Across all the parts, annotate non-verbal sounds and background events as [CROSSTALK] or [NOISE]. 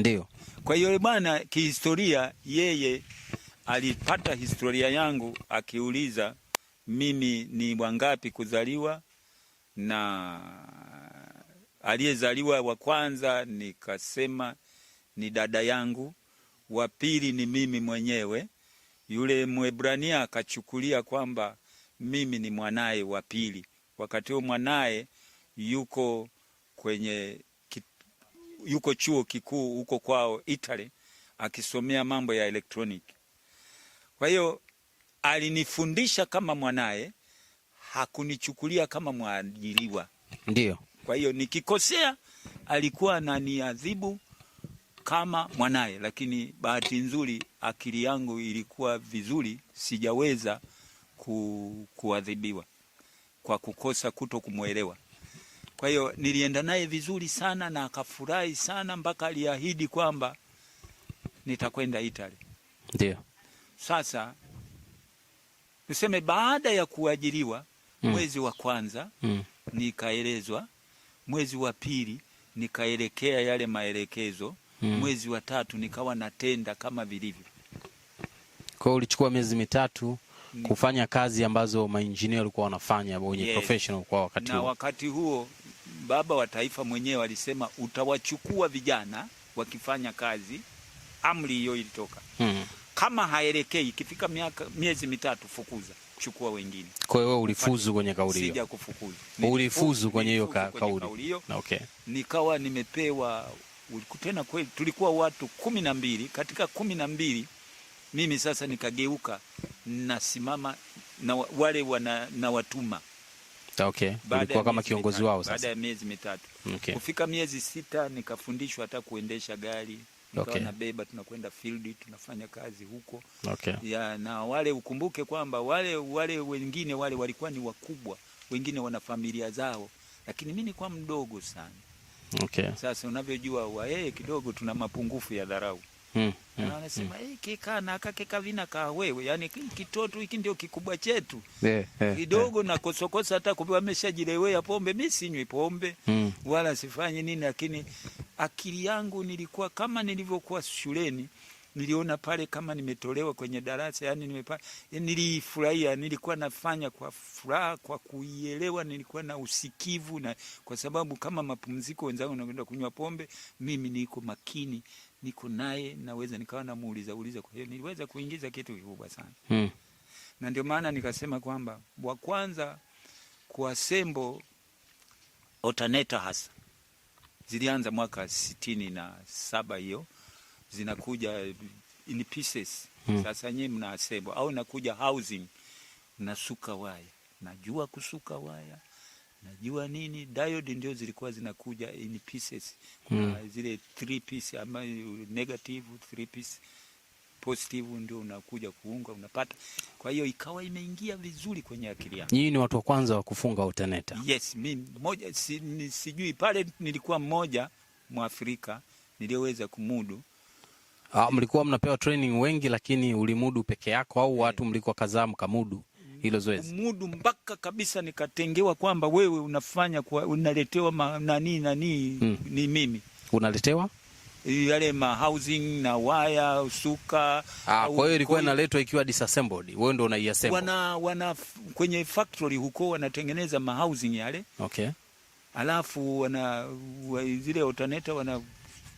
Ndio. Kwa hiyo bwana, kihistoria yeye alipata historia yangu akiuliza mimi ni wangapi kuzaliwa na aliyezaliwa wa kwanza, nikasema ni dada yangu, wa pili ni mimi mwenyewe. Yule Mwebrania akachukulia kwamba mimi ni mwanaye wa pili, wakati huo mwanaye yuko kwenye yuko chuo kikuu huko kwao Italy akisomea mambo ya electronic. Kwa hiyo alinifundisha kama mwanaye, hakunichukulia kama mwajiriwa. Ndio. Kwa hiyo nikikosea alikuwa ananiadhibu kama mwanaye, lakini bahati nzuri akili yangu ilikuwa vizuri, sijaweza ku, kuadhibiwa kwa kukosa kuto kumwelewa. Kwa hiyo nilienda naye vizuri sana na akafurahi sana mpaka aliahidi kwamba nitakwenda Italy. Ndio. Sasa tuseme baada ya kuajiriwa mm. mwezi wa kwanza mm. nikaelezwa, mwezi wa pili nikaelekea yale maelekezo mm. mwezi wa tatu nikawa natenda kama vilivyo. Kwa hiyo ulichukua miezi mitatu mm. kufanya kazi ambazo mainjinia walikuwa wanafanya wenye yes. professional kwa wakati huo. Na wakati huo baba wa taifa mwenyewe alisema utawachukua vijana wakifanya kazi. Amri hiyo ilitoka hmm. Kama haelekei, ikifika miaka miezi mitatu, fukuza, chukua wengine. Kwa hiyo ulifuzu kwenye kauli hiyo? Sija kufukuza, ulifuzu kwenye hiyo kauli hiyo. Okay, nikawa nimepewa tena. Kweli tulikuwa watu kumi na mbili, katika kumi na mbili mimi sasa nikageuka, nasimama na wale wana, na watuma Okay. Ulikuwa kama kiongozi wao sasa. Baada ya miezi mitatu. Okay. Kufika miezi sita nikafundishwa hata kuendesha gari. Nikawa okay. Nabeba tunakwenda field tunafanya kazi huko. Okay. Ya, na wale ukumbuke kwamba wale wale wengine wale walikuwa ni wakubwa, wengine wana familia zao, lakini mi nilikuwa mdogo sana. Okay. Sasa unavyojua waee eh, kidogo tuna mapungufu ya dharau. Hmm. Hmm. Anasema hmm. Hey, kana kakeka vina ka wewe, yani kitoto hiki ndio kikubwa chetu eh, eh, eh. kidogo, yeah, yeah, yeah. na kosokosa hata kupewa ameshajilewea pombe. Mimi sinywi pombe hmm. wala sifanye nini, lakini akili yangu nilikuwa kama nilivyokuwa shuleni, niliona pale kama nimetolewa kwenye darasa, yani nimepa nilifurahia, nilikuwa nafanya kwa furaha, kwa kuielewa, nilikuwa na usikivu na, kwa sababu kama mapumziko wenzangu wanakwenda kunywa pombe, mimi niko makini niko naye, naweza nikawa namuuliza uliza. Kwa hiyo niliweza kuingiza kitu kikubwa sana hmm. na ndio maana nikasema kwamba wa kwanza kwa sembo otaneta hasa zilianza mwaka sitini na saba hiyo zinakuja in pieces hmm. Sasa nyi mna sembo au nakuja housing, nasuka waya, najua kusuka waya najua nini. Diode ndio zilikuwa zinakuja in pieces, kuna mm. zile three piece ama negative three piece positive ndio unakuja kuunga unapata. Kwa hiyo ikawa imeingia vizuri kwenye akili yangu. Nyinyi ni watu wa kwanza wa kufunga alternator? Yes, mimi moja si, ni, sijui pale nilikuwa mmoja mwa Afrika niliyoweza kumudu. Ah, mlikuwa mnapewa training wengi, lakini ulimudu peke yako au eh. watu mlikuwa kadhaa mkamudu? hilo zoezi mudu mpaka kabisa nikatengewa kwamba wewe unafanya kwa, unaletewa ma, nani nani mm. ni mimi unaletewa yale ma housing na waya usuka. Ah, kwa hiyo ilikuwa inaletwa ikiwa disassembled, wewe ndio unaiassemble. Wana, wana kwenye factory huko wanatengeneza ma housing yale, okay, alafu wana zile alternator wana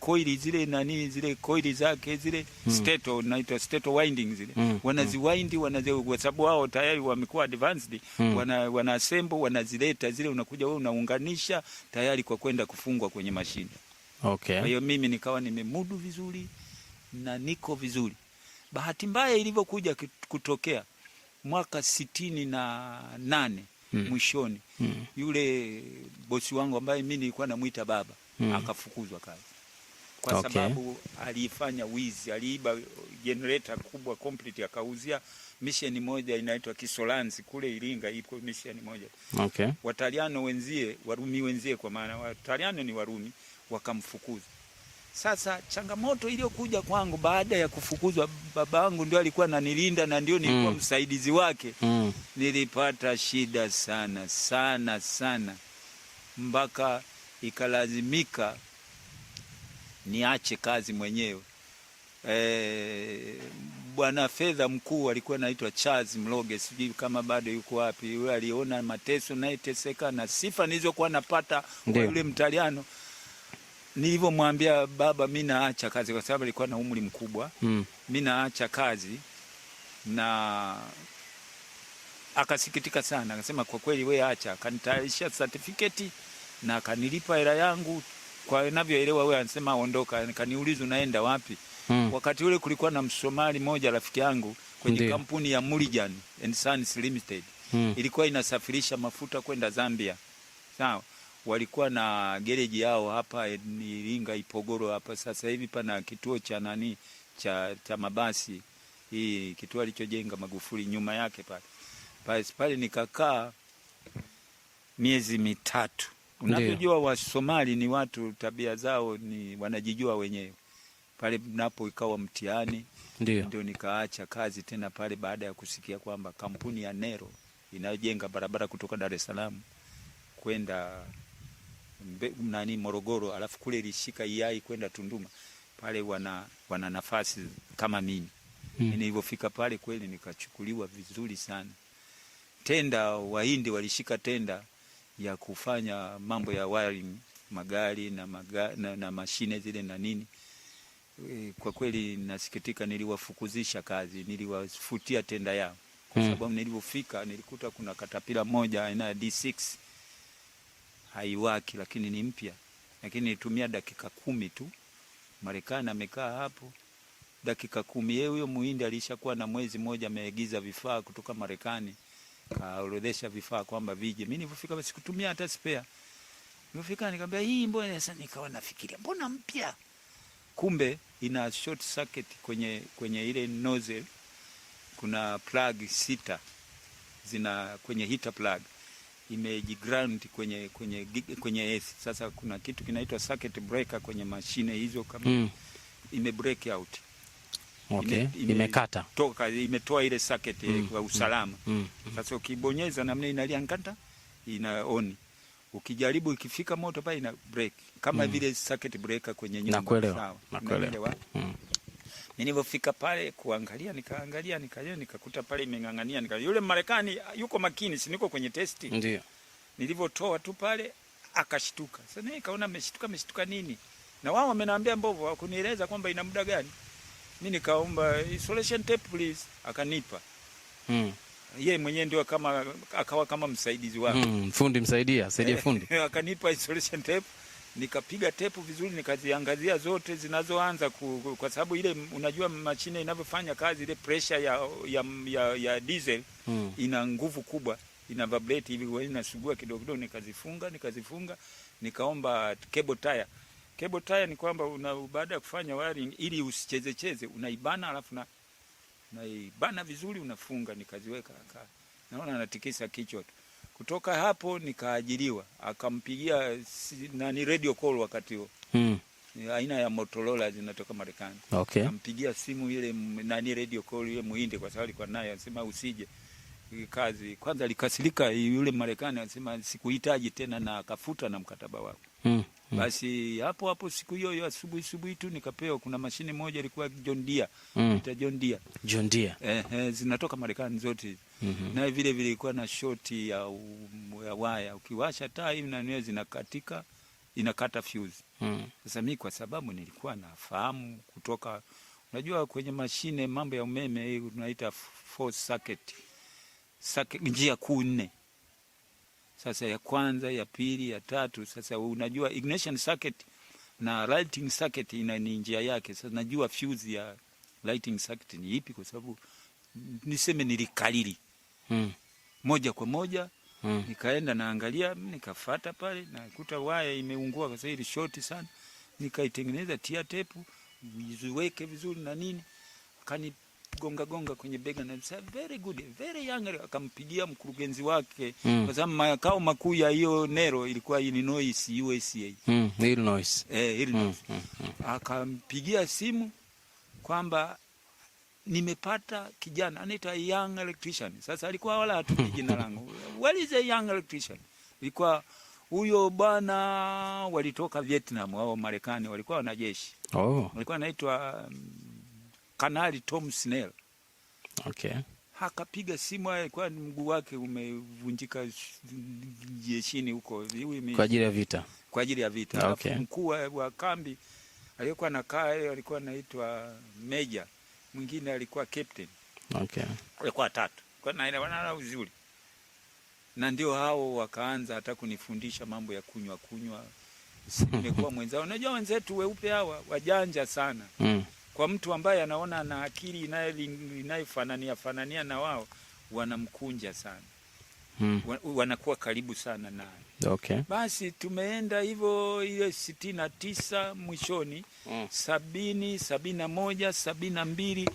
koili zile nani zile koili zake zile mm. stator naitwa stator winding zile mm. wanaziwindi hmm. wanazi, kwa sababu wao tayari wamekuwa advanced mm. wana, wana assemble wanazileta zile, unakuja wewe unaunganisha tayari kwa kwenda kufungwa kwenye mashine okay. Kwa hiyo mimi nikawa nimemudu vizuri na niko vizuri. Bahati mbaya ilivyokuja kutokea mwaka sitini na nane mm. mwishoni mm. yule bosi wangu ambaye mimi nilikuwa namwita baba mm. akafukuzwa kazi kwa okay, sababu alifanya wizi, aliiba generator kubwa complete akauzia misheni moja inaitwa Kisolanzi kule Iringa, iko misheni moja okay. Wataliano wenzie, Warumi wenzie, kwa maana Wataliano ni Warumi, wakamfukuza. Sasa changamoto iliyokuja kwangu baada ya kufukuzwa, babangu ndio alikuwa ananilinda na ndio nilikuwa mm, msaidizi wake mm. Nilipata shida sana sana sana mpaka ikalazimika niache kazi mwenyewe. E, bwana fedha mkuu alikuwa anaitwa Charles Mloge, sijui kama bado yuko wapi. Yule aliona mateso nayeteseka na sifa nilizokuwa napata kwa yule mtaliano. Nilivyomwambia baba, mi naacha kazi kwa sababu alikuwa na umri mkubwa mm. mi naacha kazi na akasikitika sana, akasema kwa kweli, we acha. Akanitayarisha certificate na akanilipa hela yangu kwa inavyoelewa wewe, anasema ondoka, kaniuliza unaenda wapi? Hmm. Wakati ule kulikuwa na Msomali moja rafiki yangu kwenye Ndi. kampuni ya Mulligan and Sons Limited Hmm. ilikuwa inasafirisha mafuta kwenda Zambia, sawa walikuwa na gereji yao hapa Iringa Ipogoro hapa. Sasa hivi pana kituo cha nani cha, cha mabasi hii kituo alichojenga Magufuli nyuma yake pale pale pale, nikakaa miezi mitatu Unavyojua Wasomali ni watu tabia zao ni wanajijua wenyewe. Pale napo ikawa mtihani, ndio nikaacha kazi tena pale baada ya kusikia kwamba kampuni ya Nero inayojenga barabara kutoka Dar es Salaam kwenda nani Morogoro, alafu kule ilishika iai kwenda Tunduma pale wana, wana nafasi kama hmm. mimi mm. Nilivyofika pale kweli nikachukuliwa vizuri sana. Tenda Wahindi walishika tenda ya kufanya mambo ya wiring magari na, maga, na, na mashine zile na nini. E, kwa kweli nasikitika, niliwafukuzisha kazi, niliwafutia tenda yao kwa hmm. sababu hmm, nilipofika nilikuta kuna katapila moja aina ya D6 haiwaki, lakini ni mpya, lakini nilitumia dakika kumi tu. Marekani amekaa hapo dakika kumi. Yeye huyo muhindi alishakuwa na mwezi mmoja ameagiza vifaa kutoka Marekani kaorodhesha vifaa kwamba vije. Mimi nilipofika basi kutumia hata spare. Nilipofika nikamwambia hii mbona sasa, nikawa nafikiria mbona mpya? Kumbe ina short circuit kwenye kwenye ile nozzle kuna plug sita zina kwenye heater plug imejiground kwenye kwenye kwenye AC. Sasa kuna kitu kinaitwa circuit breaker kwenye mashine hizo kama mm, ime break out okay. imekata ime, toka imetoa ile socket eh, mm. kwa usalama mm. mm. Sasa ukibonyeza namna inalia ngata ina on, ukijaribu ikifika moto pale ina break kama mm. vile socket breaker kwenye nyumba. Nakuelewa, nakuelewa mm. nilipofika pale kuangalia, nikaangalia nikaje, nikakuta pale imeng'ang'ania, nika yule Marekani yuko makini, si niko kwenye test ndio nilipotoa tu pale akashtuka. Sasa nikaona ameshtuka, ameshtuka nini? Na wao wamenambia mbovu, wakunieleza kwamba ina muda gani mi nikaomba isolation tape please, akanipa mm. Yeye mwenyewe ndio kama akawa kama msaidizi wake mm, fundi msaidia saidia [LAUGHS] fundi akanipa isolation tape nikapiga tape vizuri, nikaziangazia zote zinazoanza ku, kwa sababu ile unajua mashine inavyofanya kazi ile pressure ya, ya, ya, ya diesel mm. ina nguvu kubwa, ina vibrate hivi, inasugua kidogo kidogo, nikazifunga nikazifunga, nikaomba cable tire Cable tie ni kwamba una baada ya kufanya wiring ili usichezecheze, unaibana alafu na naibana vizuri unafunga. Nikaziweka aka naona anatikisa kichwa tu. Kutoka hapo nikaajiriwa, akampigia nani radio call wakati huo mm. aina ya Motorola zinatoka Marekani okay. Akampigia simu ile nani radio call ile muinde kwa sababu alikuwa naye, anasema usije kazi kwanza. Alikasirika yule Marekani, anasema sikuhitaji tena, na akafuta na mkataba wako mm. Mm. Basi hapo hapo siku hiyo hiyo asubuhi asubuhi tu nikapewa, kuna mashine moja ilikuwa John Deere mm. ita John Deere John Deere eh, eh, zinatoka Marekani zote mm -hmm. na vile vile ilikuwa na shoti ya, ya waya ukiwasha taa hivi na nywele zinakatika inakata fuse mm. Sasa mimi kwa sababu nilikuwa nafahamu kutoka, unajua kwenye mashine mambo ya umeme hii tunaita four circuit, circuit njia kuu nne sasa ya kwanza, ya pili, ya tatu. Sasa unajua ignition circuit na lighting circuit ina ni njia yake. Sasa najua fuse ya lighting circuit ni ipi, kwa sababu niseme nilikariri hmm. moja kwa moja hmm. nikaenda naangalia, nikafata pale nakuta waya imeungua, kwa sababu short sana, nikaitengeneza tia tepu niziweke vizuri na nini kani kugonga gonga kwenye bega na sasa, very good, very young. Akampigia mkurugenzi wake mm. kwa sababu makao makuu ya hiyo Nero ilikuwa Illinois, USA mm. Illinois eh, Illinois mm. akampigia simu kwamba nimepata kijana anaitwa young electrician. Sasa alikuwa wala hatujui jina [LAUGHS] langu, what is a young electrician? Ilikuwa huyo bwana walitoka Vietnam au Marekani, walikuwa wanajeshi oh. walikuwa anaitwa um, Kanali Tom Snell. Okay. Hakapiga simu aye, kwani mguu wake umevunjika jeshini huko kwa ajili ya vita, kwa ajili ya vita. Okay. Mkuu wa kambi aliyekuwa nakaa yeye alikuwa anaitwa Meja, mwingine alikuwa captain. Okay. Alikuwa tatu kwa na uzuri, na ndio hao wakaanza hata kunifundisha mambo ya kunywa kunywa. [LAUGHS] Nimekuwa mwenzao, unajua wenzetu weupe hawa wajanja sana mm. Kwa mtu ambaye anaona ana akili inayofanania fanania na wao, wanamkunja sana hmm. Wanakuwa karibu sana naye okay. Basi tumeenda hivyo ile sitini na tisa mwishoni hmm. sabini sabini na moja sabini na mbili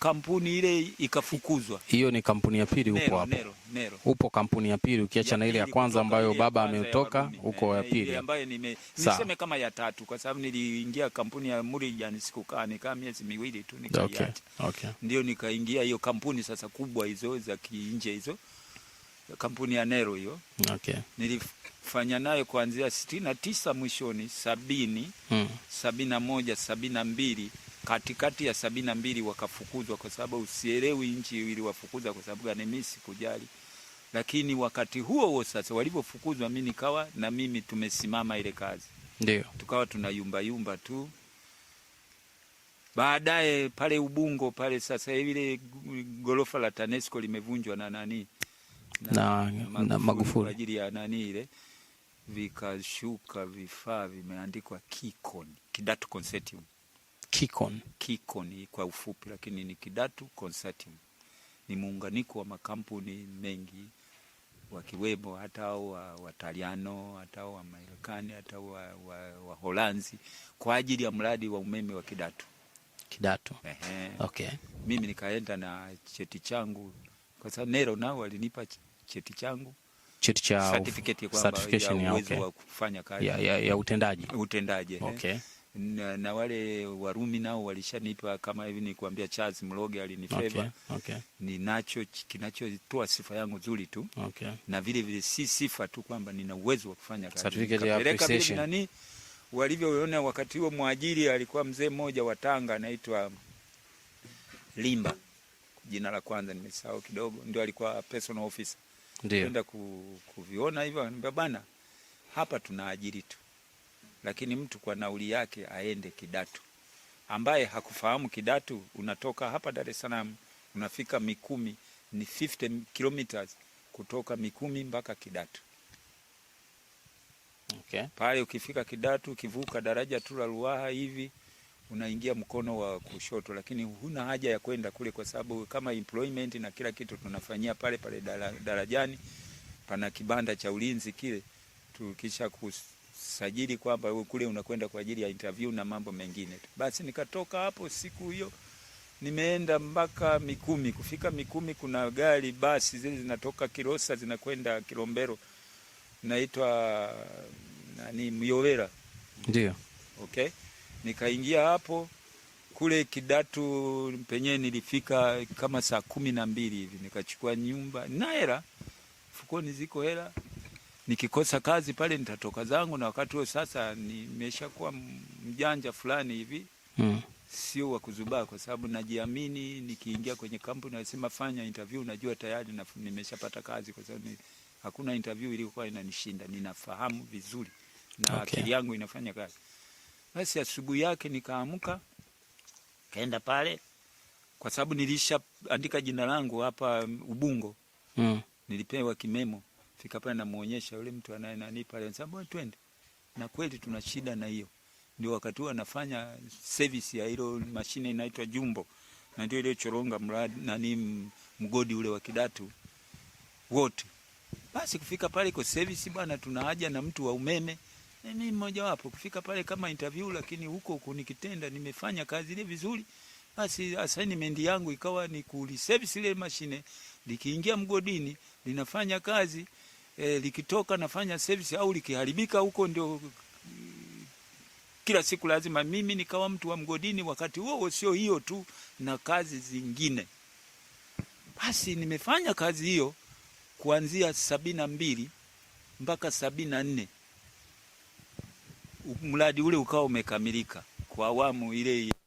kampuni ile ikafukuzwa. Hiyo ni kampuni ya pili huko hapo. Nero, Nero. Upo kampuni ya pili ukiacha na ile ya kwanza ambayo baba ametoka huko ya eh, pili. Ambayo nime niseme kama ya tatu kwa sababu niliingia kampuni ya Murijan sikukaa nikaa miezi miwili tu nikaiacha. Okay. Okay. Ndio nikaingia hiyo kampuni sasa kubwa hizo za kiinje hizo. Kampuni ya Nero hiyo. Okay. Nilifanya nayo kuanzia 69 tisa mwishoni sabini, 71, hmm. 72 moja mbili katikati ya sabini na mbili wakafukuzwa, kwa sababu usielewi nchi iliwafukuza kwa sababu gani, mimi sikujali. Lakini wakati huo huo sasa walivyofukuzwa, mimi nikawa na mimi tumesimama ile kazi, ndio tukawa tuna yumba yumba tu. Baadaye pale Ubungo pale sasa ile gorofa la TANESCO limevunjwa na nani na, na, na Magufuli kwa ajili ya nani ile vikashuka vifaa vimeandikwa Kikon Kidatu Consortium Kikon. Kikon kwa ufupi, lakini ni Kidatu Consortium. Ni muunganiko wa makampuni mengi wakiwemo hata hao wa Wataliano hata wa Marekani hata wa, wa, wa Holanzi kwa ajili ya mradi wa umeme wa Kidatu. Kidatu. Ehe. Okay. Mimi nikaenda na cheti changu kwa sababu Nero nao walinipa cheti changu cheti cha certificate ya kwamba ya uwezo okay, wa kufanya kazi ya, ya, ya utendaji utendaji. Okay na, na wale Warumi nao walishanipa kama hivi, nikuambia Charles Mloge alinifeva okay, okay. Ninacho kinachotoa sifa yangu nzuri tu okay. Na vile vile si sifa tu kwamba nina uwezo wa kufanya kazi kapeleka vile nani walivyoona. Wakati huo mwajiri alikuwa mzee mmoja wa Tanga anaitwa Limba, jina la kwanza nimesahau kidogo, ndio alikuwa personal officer, ndio kwenda kuviona hivyo, anambia bana, hapa tunaajiri tu lakini mtu kwa nauli yake aende Kidatu. Ambaye hakufahamu Kidatu, unatoka hapa Dar es Salaam unafika Mikumi, ni 50 kilometers kutoka Mikumi mpaka Kidatu. Okay. Pale ukifika Kidatu, ukivuka daraja tu la Ruaha hivi unaingia mkono wa kushoto, lakini huna haja ya kwenda kule, kwa sababu kama employment na kila kitu tunafanyia pale pale darajani. Pana kibanda cha ulinzi kile, tukisha sajili kwamba kule unakwenda kwa ajili ya interview na mambo mengine tu. Basi nikatoka hapo siku hiyo nimeenda mpaka Mikumi. Kufika Mikumi kuna gari basi zile zinatoka Kilosa zinakwenda Kilombero, naitwa nani, Myowera. ndio. Okay, nikaingia hapo kule Kidatu penye nilifika kama saa kumi na mbili hivi, nikachukua nyumba na hela, fukoni ziko hela nikikosa kazi pale nitatoka zangu, na wakati huo sasa nimeshakuwa mjanja fulani hivi mm. Sio wa kuzubaa, kwa sababu najiamini. Nikiingia kwenye kampuni nasema fanya interview, najua tayari na, nimeshapata kazi, kwa sababu hakuna interview ilikuwa inanishinda. Ninafahamu vizuri na okay. akili yangu inafanya kazi. Basi asubuhi yake nikaamka kaenda pale, kwa sababu nilishaandika jina langu hapa Ubungo mm. nilipewa kimemo Fika pale namuonyesha yule mtu anaye nani pale, bwana, twende na kweli tuna shida na hiyo. Ndio wakati huo anafanya service ya hilo mashine inaitwa Jumbo, na ndio ile choronga mradi nani mgodi ule wa Kidatu wote. Basi kufika pale kwa service bwana, tuna haja na mtu wa umeme mimi mmoja wapo kufika pale kama interview, lakini huko huko nikitenda nimefanya kazi ile vizuri, basi assignment yangu ikawa ni kuli service ile mashine, likiingia mgodini linafanya kazi e, likitoka nafanya service au likiharibika huko ndio mm, kila siku lazima mimi nikawa mtu wa mgodini. Wakati huo sio hiyo tu, na kazi zingine. Basi nimefanya kazi hiyo kuanzia sabini na mbili mpaka sabini na nne mradi ule ukawa umekamilika kwa awamu ile.